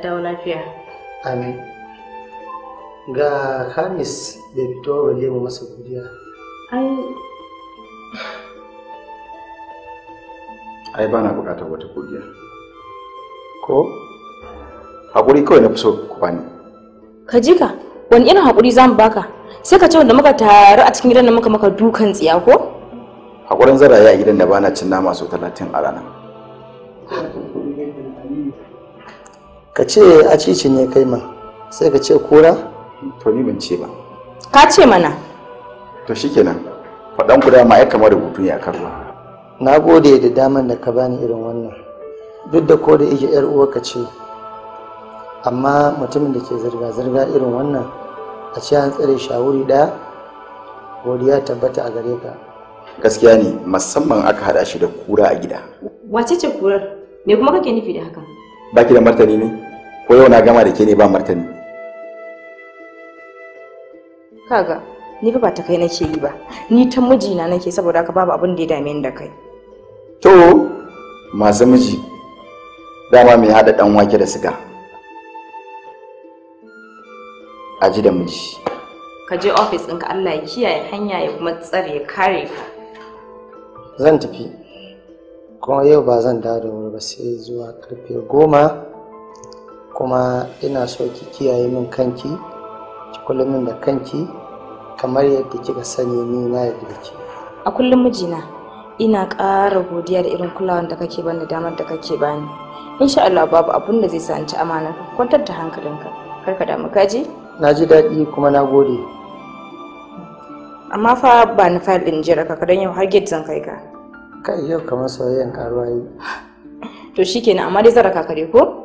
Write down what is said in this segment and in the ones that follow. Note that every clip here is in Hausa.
dawo lafiya amin ga hamis da fito balle mu masa godiya ai ai ba na bukatar wata godiya ko haƙuri kawai na fi so ku bani ka ji ka wani irin haƙuri za mu baka sai ka ce wanda muka taru a cikin gidan da muka maka dukan tsiya ko haƙurin zara ya gidan da bana cin nama sau talatin a rana ka ce a cici ne kai man sai ka ce kura to ni ban ce ba ka ce mana to shikenan faɗan ku dama ya kamar rubutu ne a kan na gode da daman da ka bani irin wannan duk da ko da yake yar ka ce amma mutumin da ke zirga-zirga irin wannan a ce an tsare shawuri ɗaya godiya tabbata a gare ka gaskiya ne musamman aka haɗa shi da kura a gida wace ce kurar me kuma kake nufi da hakan baki da martani ne ko yau na gama da ke ne ba martani kaga ni ba ta kai nake yi ba ni ta mijina nake saboda haka babu abin da ya dame ni da kai to masu miji dama mai hada dan wake da siga a ji da miji ka je ofis ɗinka Allah ya kiyaye hanya ya kuma tsare ya kare ka zan tafi kuma yau ba zan dawo da wuri ba sai zuwa karfe goma kuma ina so ki kiyaye min kanki ki kula min da kanki kamar yadda kika sani ni na yadda da ki a kullum mijina ina ƙara godiya da irin kulawar da kake bani damar da kake bani insha Allah babu abun da zai sanci amana amanar kwantar da hankalinka kar ka damu kaji na ji daɗi kuma na gode amma fa ba ni fayil ɗin jira ka don yau har gate zan kai ka kai yau kamar soyayyen karuwa yi to shikenan amma dai zara ka kare ko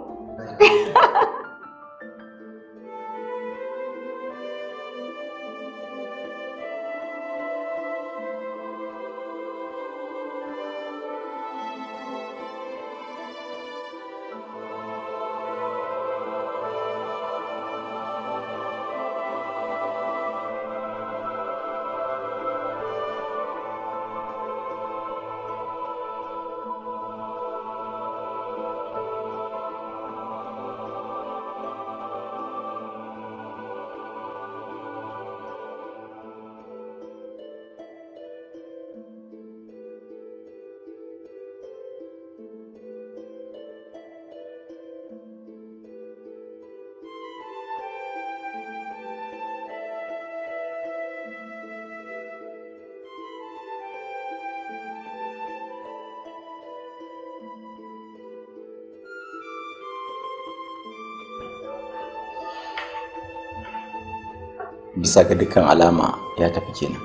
bisa ga dukkan alama ya tafi kenan.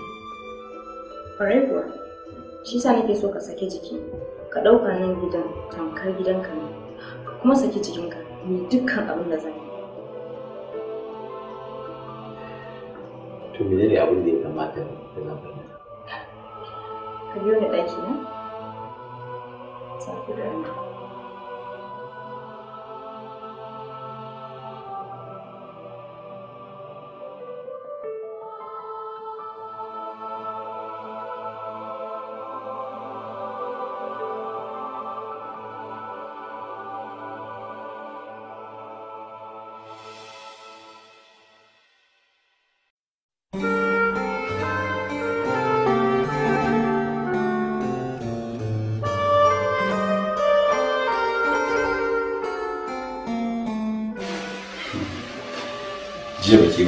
Kwarai shi sa nake so ka sake jiki, ka ɗauka nan gidan tamkar gidanka ne, ka kuma saki jikinka ni dukkan abin da zan yi. To mene ne abin da ya kamata da zan fahimta? Ka biyo ni ɗaki na? ku da rana.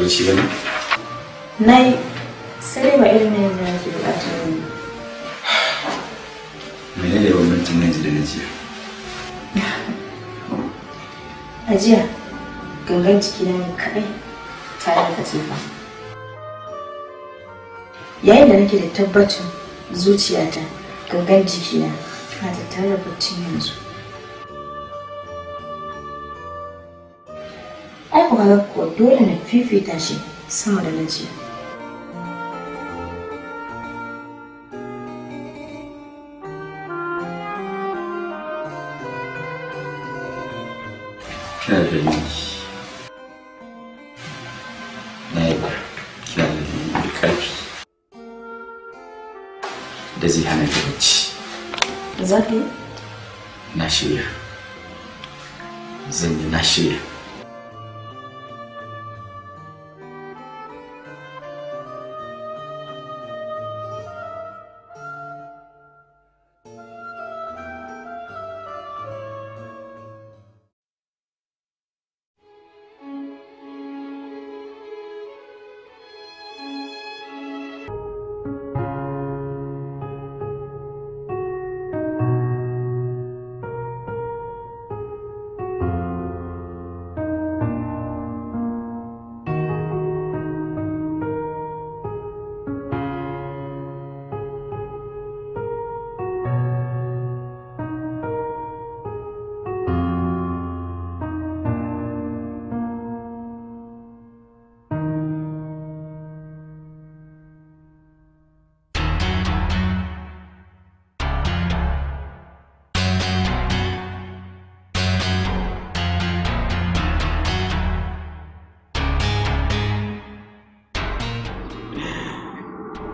bacci ba ne? Na yi, sai ba irin yin da yake bukatar ne. Mene ne bambancin nan da na jiya? A jiya, gangan ciki na kaɗai tare da katifa. Yayin da nake da tabbacin zuciyata gangan jikina na tattare da baccin yanzu. ai kuma ga ko dole na fifita shi sama da na jiya zai hana na shirya zan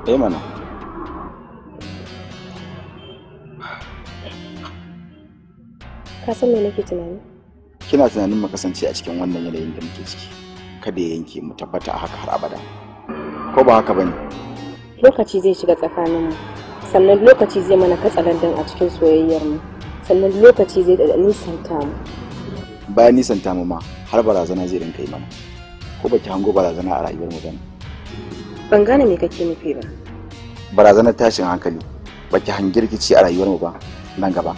Eh mana. Ka san me nake tunani? Kina tunanin mu kasance a cikin wannan yanayin da muke ciki. Kada ya yanke mu tabbata a haka har abada. Ko ba haka bane? Lokaci zai shiga tsakaninmu. Sannan lokaci zai mana katsalandan a cikin soyayyar mu. Sannan lokaci zai da nisanta mu. Bayan nisanta mu ma har barazana zai rinka yi mana. Ko baki hango barazana a rayuwar mu bane? Ban gane me kake nufi ba. Barazanar tashin hankali, baki hangirgici a rayuwar mu ba nan gaba.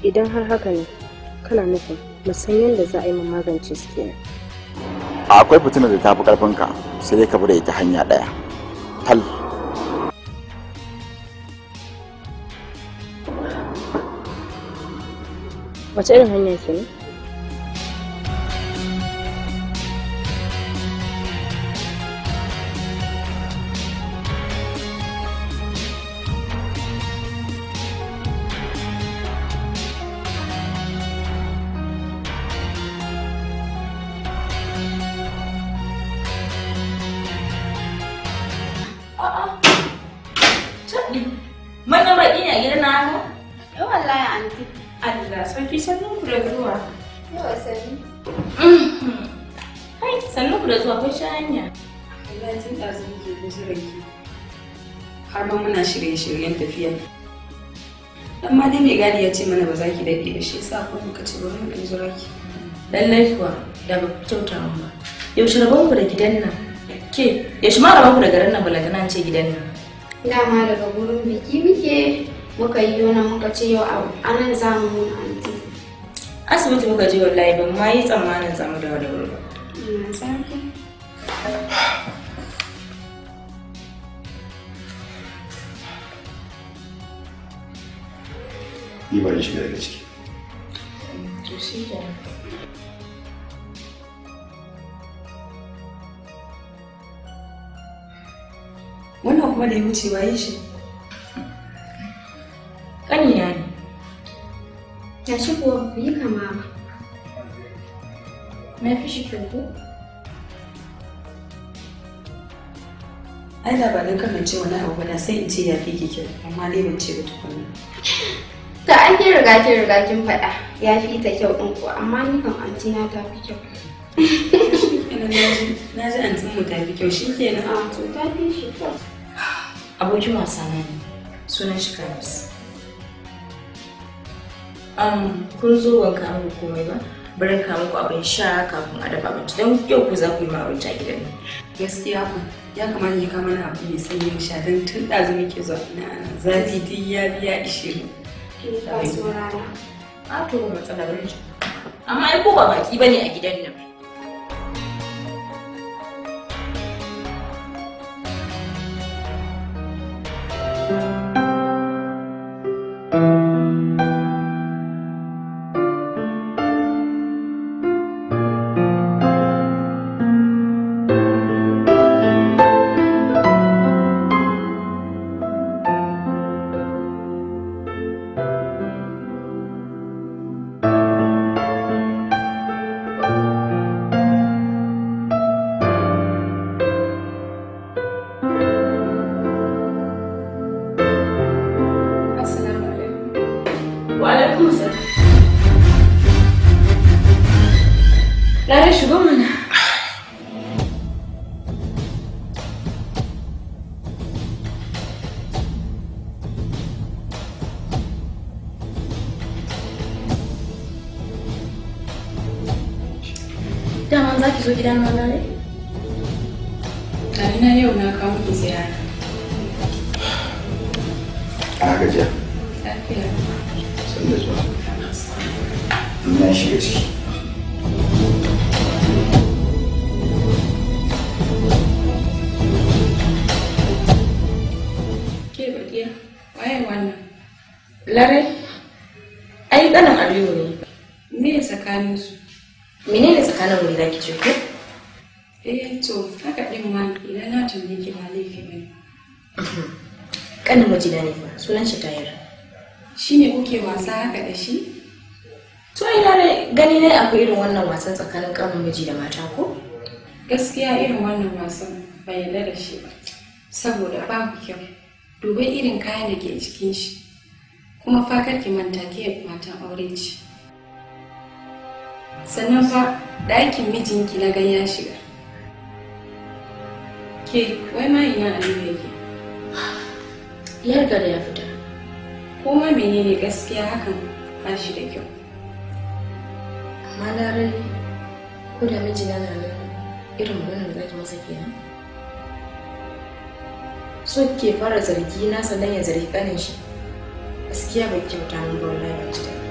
Idan har haka ne, kana nufin musan yadda za a yi magance su kenan. Akwai fitina da tafi fi ƙarfinka sai dai ka bude ita hanya ɗaya. Tal. Wace irin hanya kenan? dan dai mai gadi ya ce mana ba za ki daɗe ba shi yasa ko muka ce bari mu ɗan jira ki lallai kuwa da ba kyauta kyautawa ba yaushe rabon ku da gidan nan ke yaushe ma rabon ku da garin nan balagana ce gidan nan da ma daga gurin biki muke muka yi yona muka ce yau anan za mu mun anti asibiti muka je wallahi ban ma yi tsammanin zamu dawo da wuri ba и ba shiga wannan kuma da ya wuce yi shi ƙanina ne ta shi kuwa yi kama ba na fi shi kyau ai da ba don kamance wani abu ba na sai in ce ya fi kyau amma dai ban ce ba tukunna ta an kin riga kin riga kin faɗa ya fi ta kyau din ko amma ni kan anti na ta fi kyau na ji anti mu ta fi kyau shi ke nan a ah, to ta fi shi kyau abokin wasa na ne sunan shi kamis um, kun zo ban kawo ku komai ba bari kawo ku abin sha kafin a dafa abinci don yau ku za ku yi ma abinci a gidan gaskiya ku ya kamata ya kama na abu mai sanyi sha don tun ɗazu muke zuwa na zafi duk ya biya ishirin Ka so A to Amma ai ko ba baki bane a gidan nan. Där şu 20 minuter. Tamam, zaten o gidelim wannan wasan tsakanin ƙanin miji da mata ko? Gaskiya irin wannan wasan bai yarda da shi ba, saboda babu kyau. Dubai irin kayan da ke cikin shi, kuma fakar ki manta ke matan aure ce. Sannan fa ɗakin mijinki na gaya shiga. Ke, wai ma ina Aliyu yake? Yarda da ya fita. Koma menene gaskiya hakan ba shi da kyau. ma na ko da miji na nan irin maganar da zaki masa kenan so ke fara zargi na sannan ya zargi kanin shi gaskiya bai kyauta min ba wallahi ba ji daɗi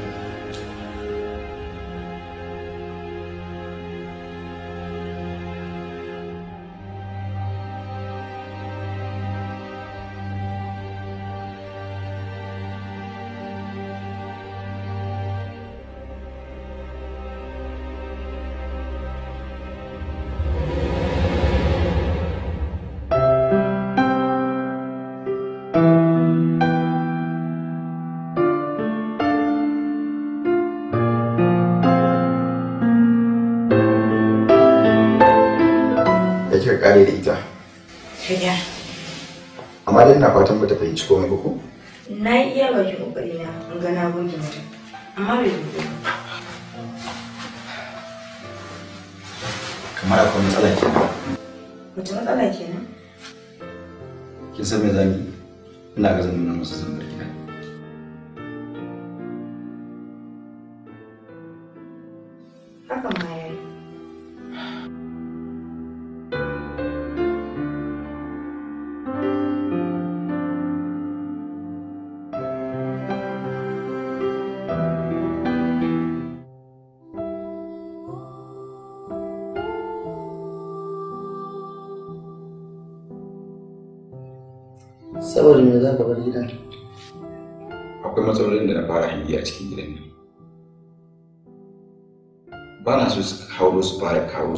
kika kare da ita Shirya. amma dai ina fatan ba ta fahimci komai ba ko na yi iya bakin kokari na in ga na goge mata amma bai goge kamar akwai matsala kenan wata matsala nan? kin san me zan yi ina ga zan nuna masa zambar gidan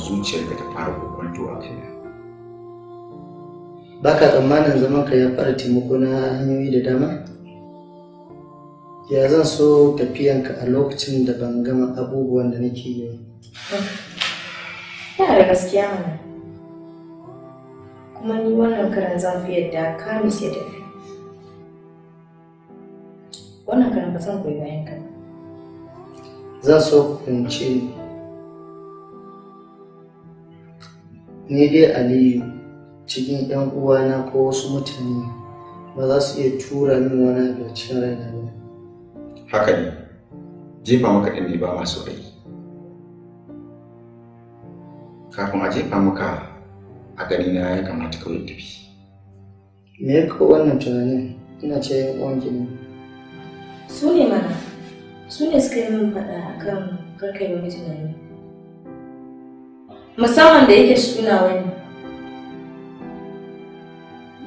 zuciyarka ta fara kokwanto a ba ka tsammanin zaman ka ya fara taimako na hanyoyi da dama ya zan so tafiyanka a lokacin da ban gama abubuwan da nake yi yana da gaskiya mana kuma ni wannan karan zan fi yadda kamis sai tafi wannan karan ba zan koyi bayan ka zan so in ce ni dai aliyu cikin yan uwana ko wasu mutane ba za su iya tura min wani da cikin raina ba haka ne jefa maka ɗin ba masu rai kafin a jefa maka a gani na ya kamata kawai tafi me ya kawo wannan tunanin ina ce yan uwan gini su ne mana su ne suka yi min faɗa akan karkai wani tunanin musamman da yake suna wani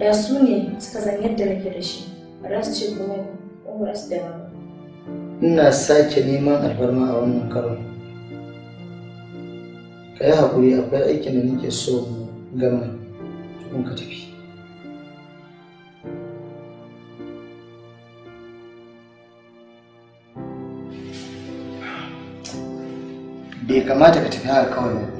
da su ne suka san yadda nake da shi ba za su ce kuma kuma ba su da ina sake neman alfarma a wannan karon ka yi haƙuri akwai aikin da nake so gama in ka tafi bai kamata ka tafi haka kawai ba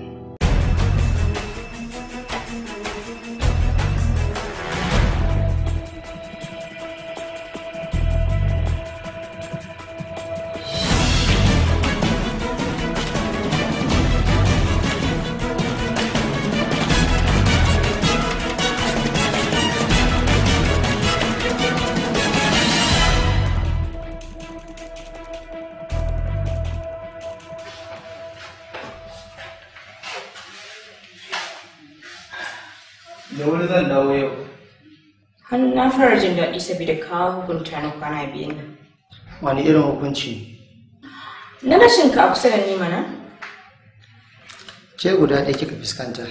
fara jin daɗi saboda kawo hukunta na kwana biyu ne. Wani irin hukunci? Na rashin ka a kusa da ni mana? Ke guda ɗaya kika fuskanta.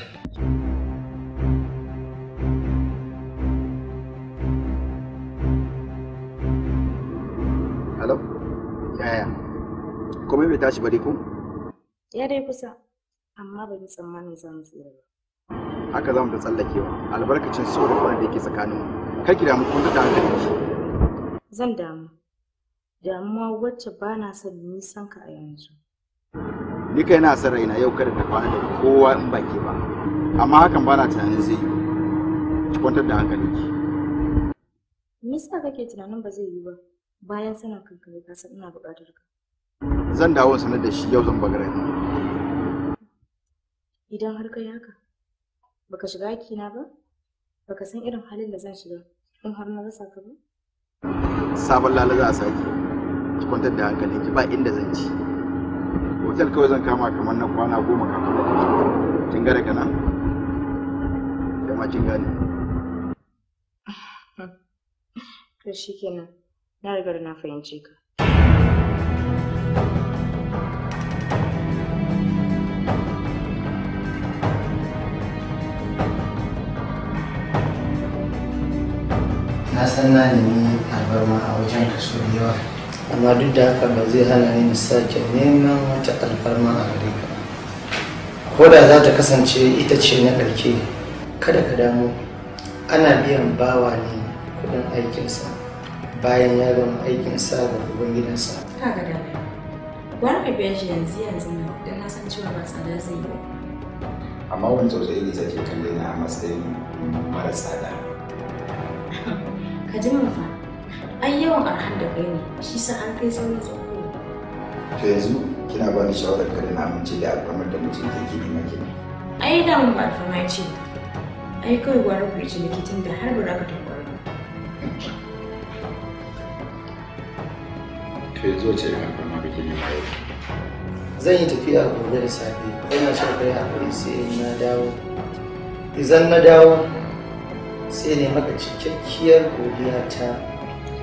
Halo? Yaya? Komai bai tashi bari ko? Ya dai kusa, amma ban yi tsammanin zan tsira ba. Haka za mu ta tsallakewa, albarkacin tsoron da yake tsakaninmu. kake damu kuma da hankali zan damu damuwa wacce ba na son san ka a yanzu ni kai na son raina yau kada ka kwana da kowa in baki ba amma hakan ba na tunanin zai yi ki kwantar da hankali ki me yasa kake tunanin ba zai yi ba bayan sanin kai ka san ina buƙatar ka zan dawo sanar da shi yau zan bagare idan har kai haka baka shiga na ba baka san irin halin da zan shiga har na rasa ka sabon lala za a sake ki kwantar da hankali, ki ba inda zan ci hotel kawai zan kama kamar na kwana goma kafin na tafi kin gare kana da ma kin gane to shikenan na riga na fahimce ka na san na nemi albarma a wajen ka so da yawa amma duk da haka ba zai hana ni na sake neman wata alfarma a gare ka ko da za ta kasance ita ce na ɗauke kada ka damu ana biyan bawa ne kuɗin aikinsa bayan ya gama aikinsa ga ubangidansa kaga da wani ka biyan shi yanzu yanzu nan don na san cewa ba tsada zai yi amma wani tsautsayi ne take kalle na a matsayin mara tsada ka ji mana fa ai yawan arhan da kai ne shi sa an kai sauri tsoko to yanzu kina ba ni shawarar kada na amince da alfamar da mutum ke ke nema ke ai da mun alfama ce ai kawai gwara ku ci likitin da har ba ka tabbara to yanzu wace irin alfama kake nema yau zan yi tafiya gobe da safe ina shan kai hakuri sai na dawo idan na dawo sai ne maka cikakkiyar godiya ta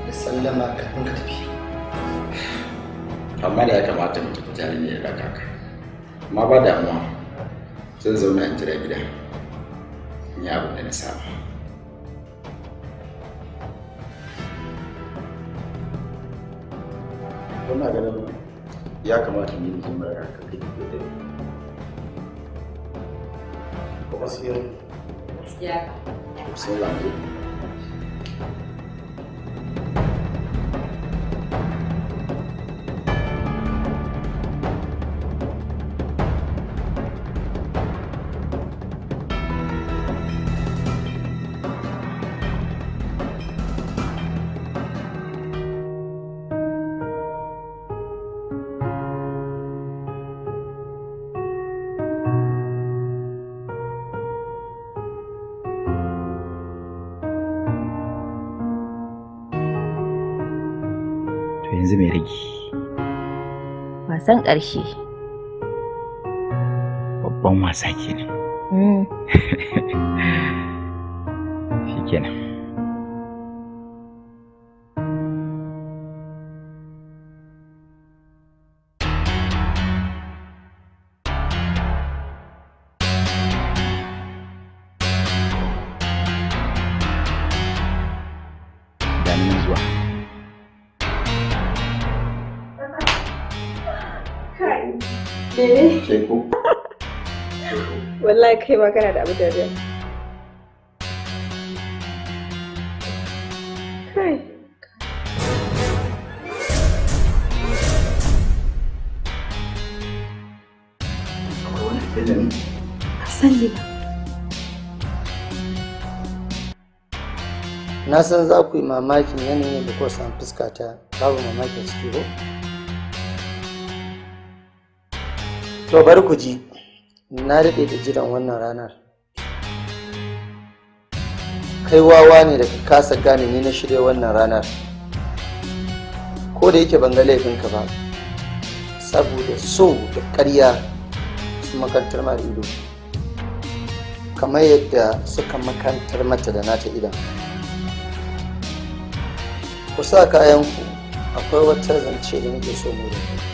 da sallama kafin ka tafi amma da ya kamata mu tafi tare ya da ka. amma ba damuwa zan zauna in jira gida Ni abu da na saba wannan ganin ya kamata mu yi jimar raka kai da dare gaskiya gaskiya 不行了。wasan ƙarshe babban wasa kenan mm. shi kenan Sheko. Eh? Wallahi kai ma kana da abu da dariya. Kai. Sani ba. Na san za ku yi mamakin yanayin da kuka san fuskata babu mamakin ciki ko? To bari ku ji, na daɗe da jiran wannan ranar. Kai wawa ne da kasa gane ni na shirya wannan ranar. Ko da yake ban ga laifinka ba, saboda so da ƙarya su makantar mara ido. Kamar yadda suka makantar mata da nata idan. Ku sa kayanku akwai wata zance da nake so mu da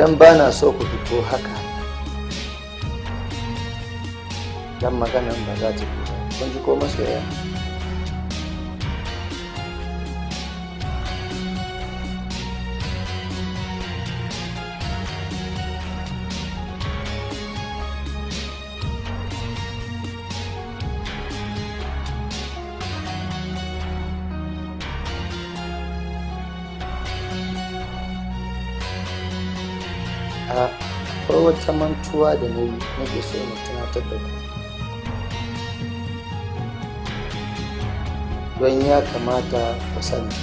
don ba na so ku fito haka dan maganan ba za ta kun ji ko masoya wata mantuwa da na yi ke so na tunatar da ku don ya kamata ku sani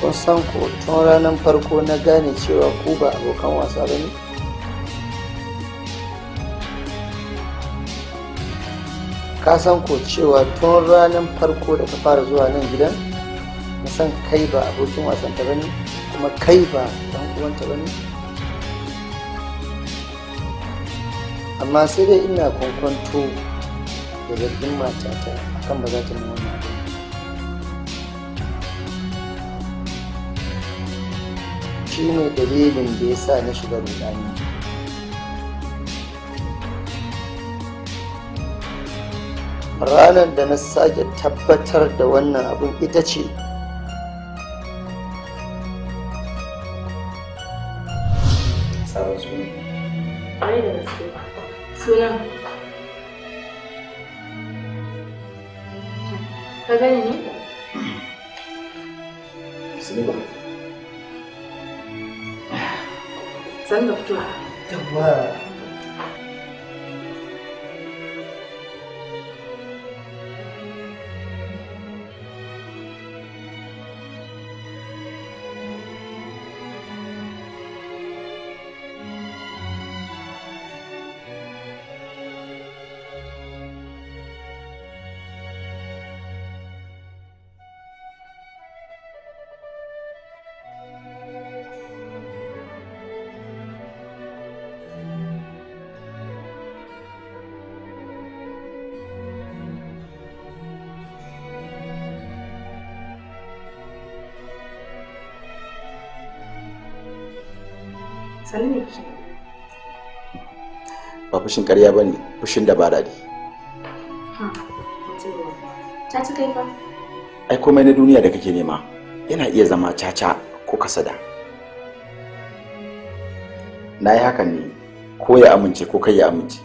kun san ku tun ranar farko na gane cewa ku ba abokan wasa ba ne ka san ku cewa tun ranar farko da ka fara zuwa nan gidan na san kai ba abokin wasan ta bane kuma kai ba ɗan uwan ta bane amma sai dai ina kwankwanto da zargin matata akan ba za ta nuna wannan shi ne dalilin da ya sa na shiga rudani ranar da na sake tabbatar da wannan abin ita ce 等我。sannu ne ke ba fushin ƙarya ba ne fushin da ba daɗi ta ci kai fa ai komai na duniya da kake nema yana iya zama caca ko kasada na yi hakan ne ko ya amince ko kai ya amince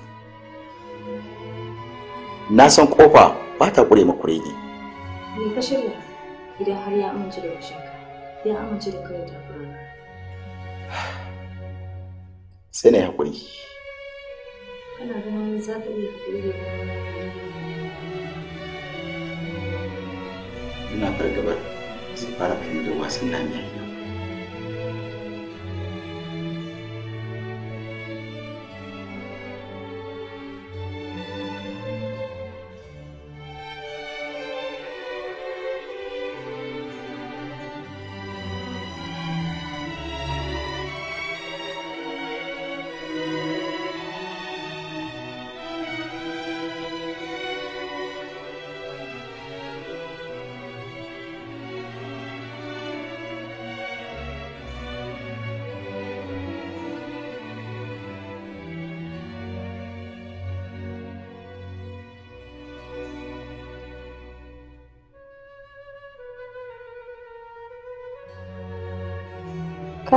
na san kofa ba ta ƙure ma kurege me ka shirya idan har ya amince da washinka ya amince da kai da sai na yi haƙuri kana ganin za ina fargabar zai fara fahimtar wasan namiya yau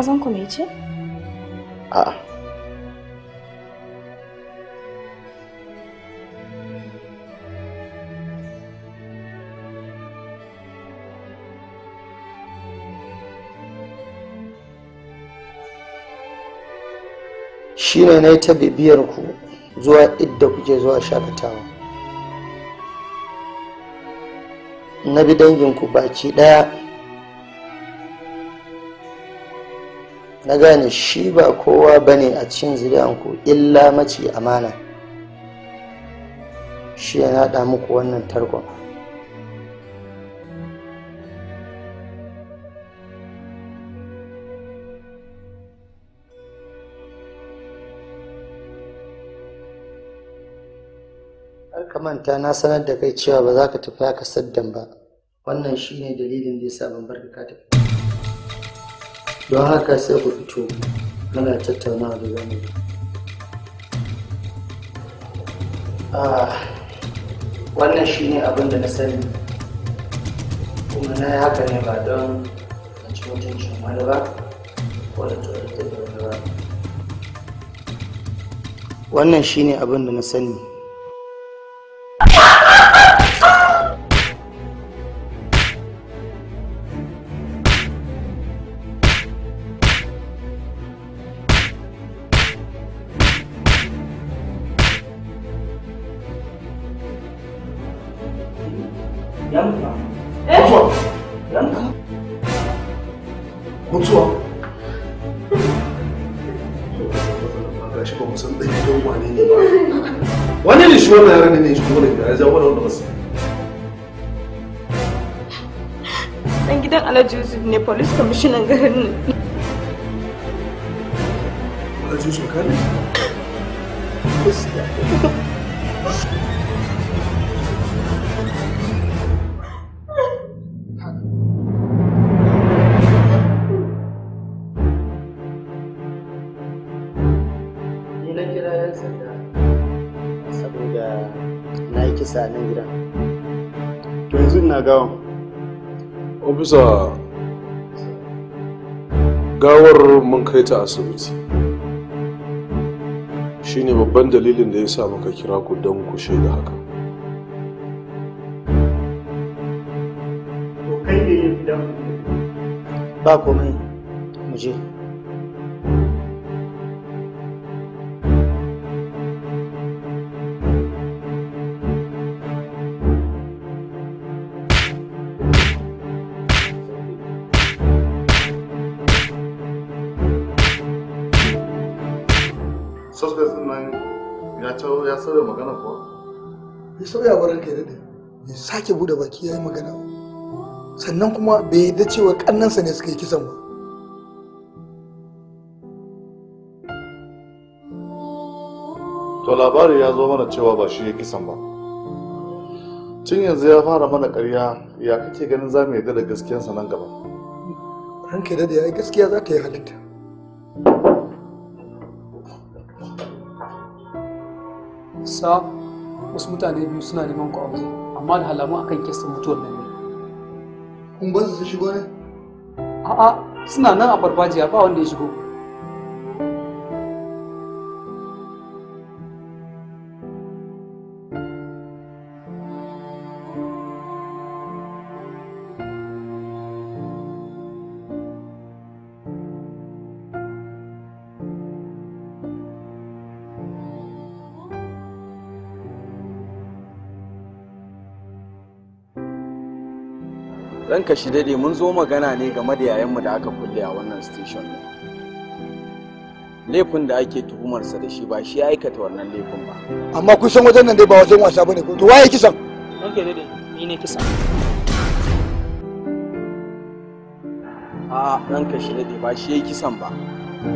ƙazan ku ce? A'a. Shi na ta bibiyar ku zuwa idda kuke zuwa shakatawa. Na bi danginku baki ɗaya na gane shi ba kowa ba ne a cikin ku, illa mace amana shi ya naɗa muku wannan tarkon ka manta na sanar da kai cewa ba za ka tafi haka saddan ba wannan shine dalilin da ya sa ban bar ka tafi don haka sai ku fito muna tattauna da a ah, wannan shi ne abin da na sani kuma na yi haka ne ba don a ci mutuncin wani ba ko da tsoron da wani ba wannan shi ne abin da na sani Yanka. Mutuwa. Yanka. Mutuwa. Ga shi ba mu san ɗan gidan wane ne ba. Wani ne shi wannan yaran ne shi kuma da gida ya ja wani wanda ba su. Dan gidan Alhaji Yusuf ne police commissioner garin nan. Alhaji Yusuf ka ne? Gaskiya. ina gawan ofisa gawar mun kai ta asibiti shine babban dalilin da ya sa muka kira ku don ku shaida haka ba komai mu je sauya wa ranka ya sake buɗe baki ya yi magana sannan kuma bai yadda cewa sa ne suka kisan ba to labari ya zo mana cewa ba shi ya kisan ba tun yanzu ya fara mana ƙarya ya kake ganin za mu yadda da gaskiyansa nan gaba ranka da yayi gaskiya za ta yi halitta sa wasu mutane biyu suna neman ku aure amma da halamu akan kesin mutuwar nan ne kun ba su shigo ne a'a suna nan a farfajiya ba wanda ya shigo ranka shi dade mun zo magana ne game da yayanmu da aka kulle a wannan station ne. laifin da ake tuhumarsa da shi ba shi ya aikata wannan laifin ba amma kun san wajen nan dai ba wajen wasa bane ko to waye kisan ranka dade ni ne kisan a ranka shi dade ba shi ya kisan ba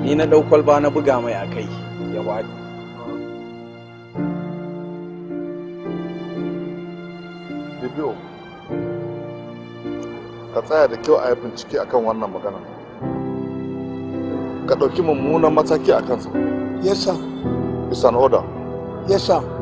ni na daukal ba na buga mai akai ya wadi ka tsaya da kyau a yi bincike akan wannan magana ka ɗauki mummunan mataki a kansa yes sir it's an order yes sir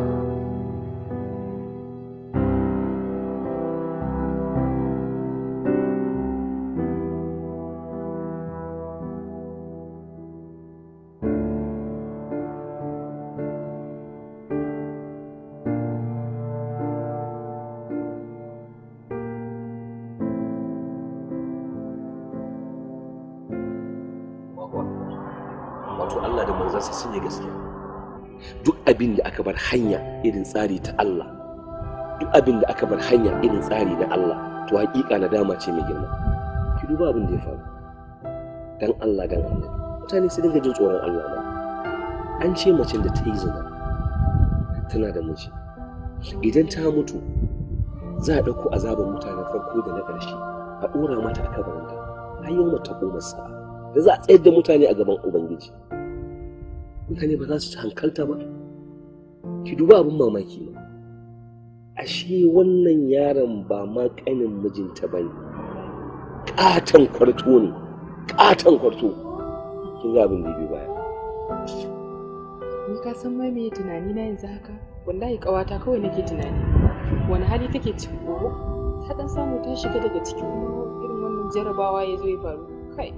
sun yi gaskiya duk abin da aka bar hanya irin tsari ta Allah duk abin da aka bar hanya irin tsari na Allah to na nadama ce mai girma ki duba abin da ya faru dan Allah dan Allah mutane su dinga jin tsoron Allah ba an ce macen da ta yi zina tana da miji idan ta mutu za a ɗauko azabar mutanen farko da na ƙarshe a ɗora mata a kabarinta har yau mata ko masa da za a tsayar da mutane a gaban ubangiji mutane ba za su hankalta ba ki duba abin mamaki ba ashe wannan yaron ba ma ƙanin mijinta ba ne ƙaton kwarto ne ƙaton kwarto kin ga abin da biyu baya ni ka san mai me tunani na yanzu haka wallahi ƙawata kawai nake tunani wani hali take cikin gobe ta dan samu ta shiga daga cikin irin wannan jarabawa ya zo ya faru kai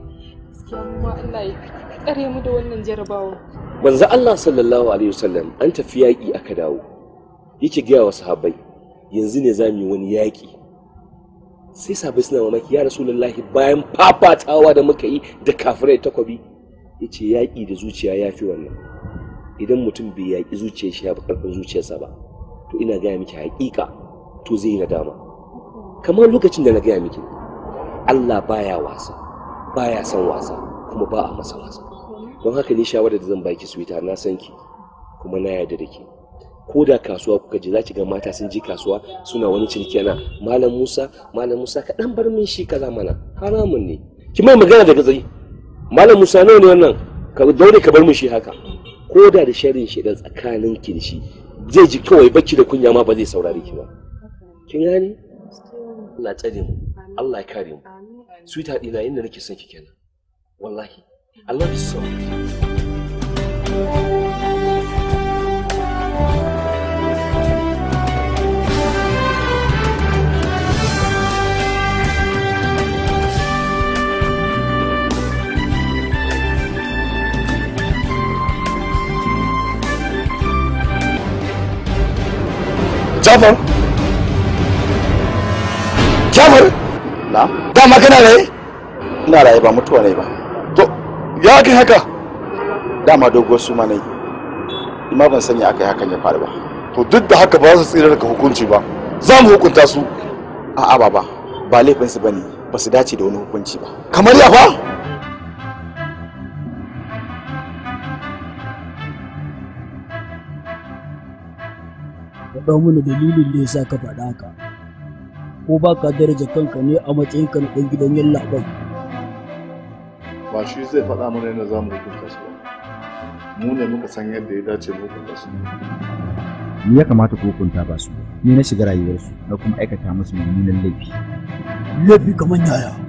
gaskiya mu Allah ya tsare mu da wannan jarabawa manzo Allah sallallahu alaihi wasallam an tafi yaki aka dawo yake gaya wa sahabbai yanzu ne zamu wani yaki sai sahabbai suna mamaki ya rasulullahi bayan fafatawa da muka yi da kafirai takobi yace yaki da zuciya yafi wannan idan mutum bai yaƙi zuciyar shi ya bi karfin zuciyarsa ba to ina gaya miki haƙiƙa to zai yi nadama kamar lokacin da na gaya miki Allah baya wasa baya son wasa kuma ba a masa wasa don haka ni shawarar da zan baki suita na san ki kuma na yarda da ki ko da kasuwa kuka je za ki ga mata sun je kasuwa suna wani ciniki malam Musa malam Musa ka dan bar min shi kaza mana haramun ne ki mai magana da tsayi malam Musa nawa ne wannan ka daure ka bar min shi haka ko da da sharrin shi dan tsakanin ki da shi zai ji kawai bacci da kunya ma ba zai saurare ki ba kin gane Allah tsare mu Allah ya kare mu sweetheart dina inda nake son ki kenan wallahi I love you so much. Jafar j a v a r na dama kana raye ina raye ba mutuwa ne ba ya kai haka dama doguwar su mana yi ma ban sani aka yi hakan ya faru ba to duk da haka ba za su tsira daga hukunci ba za mu hukunta su a'a baba ba laifinsu ba ne ba su dace da wani hukunci ba kamar ya fa faɗa mana dalilin da ya sa ka faɗa haka ko ba ka daraja kanka ne a matsayinka na ɗan gidan yallaɓai ba shi zai faɗa mana yadda za mu hukunta su ba mu ne muka san yadda ya dace mu hukunta su ni ya kamata ku hukunta ba su ni na shiga rayuwarsu na kuma aikata musu mummunan laifi laifi kamar yaya